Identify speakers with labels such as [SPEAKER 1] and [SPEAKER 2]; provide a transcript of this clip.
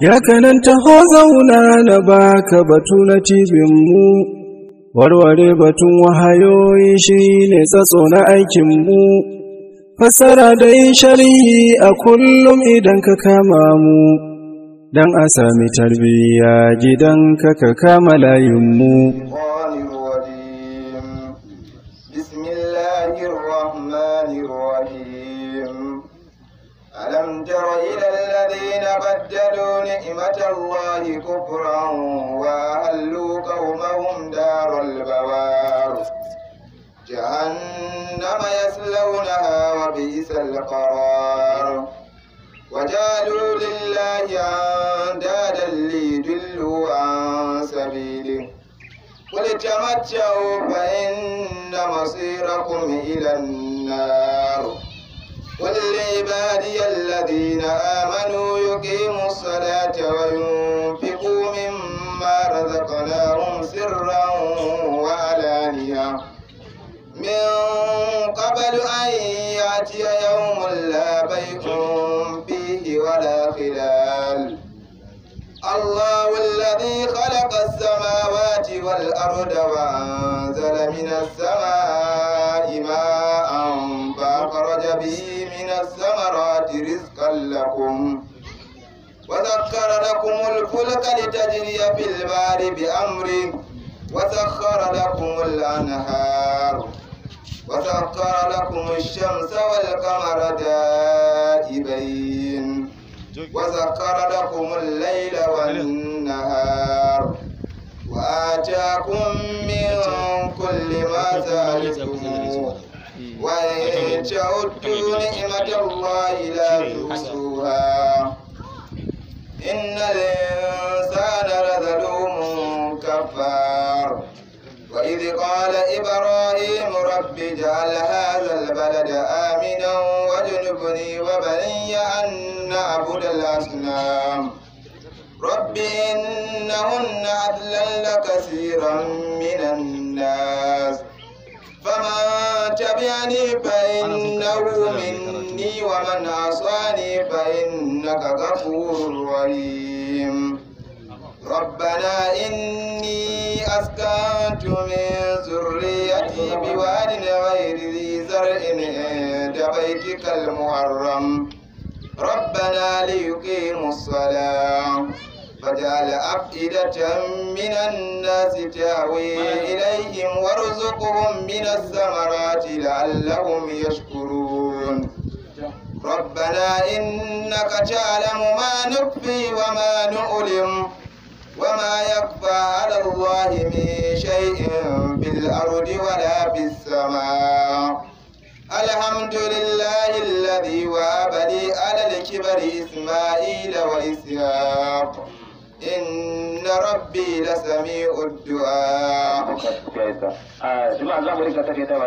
[SPEAKER 1] ya kanan taho zauna na baka batu na mu. warware batun wahayoyi shi ne tsatso na aikinmu fassara da yin shari'i a kullum idan ka kama mu don a sami tarbiyya gidan ka kama layinmu
[SPEAKER 2] بدلوا نعمة الله كفرا وأهلوا قومهم دار البوار جهنم يسلونها وبئس القرار وجعلوا لله أندادا ليدلوا عن سبيله قل تمتعوا فإن مصيركم إلى النار قل لعبادي الذين آمنوا ويقيموا الصلاة وينفقوا مما رزقناهم سرا وعلانية من قبل أن يأتي يوم لا بيع فيه ولا خلال الله الذي خلق السماوات والأرض وأنزل من السماء وذكر لكم الفلك لتجري في البحر بأمره وسخر لكم الأنهار وسخر لكم الشمس والقمر دائبين وسخر لكم الليل والنهار وآتاكم من كل ما سألتموه وإن تعدوا نعمة الله لا تحصوها إن الإنسان لظلوم كفار وإذ قال إبراهيم رب اجعل هذا البلد آمنا واجنبني وبني أن نعبد الأصنام رب إنهن أذلل كثيرا من الناس فمن تبعني فإن ومن عصاني فإنك غفور رحيم ربنا إني أسكنت من ذريتي بواد غير ذي زرع عند بيتك المحرم ربنا ليقيموا الصلاة فجعل أفئدة من الناس تهوي إليهم وارزقهم من الثمرات لعلهم يشكرون ربنا إنك تعلم ما نخفي وما نؤلم وما يخفى على الله من شيء في الأرض ولا في السماء الحمد لله الذي وهب لي على الكبر إسماعيل وإسحاق إن ربي لسميع الدعاء آه،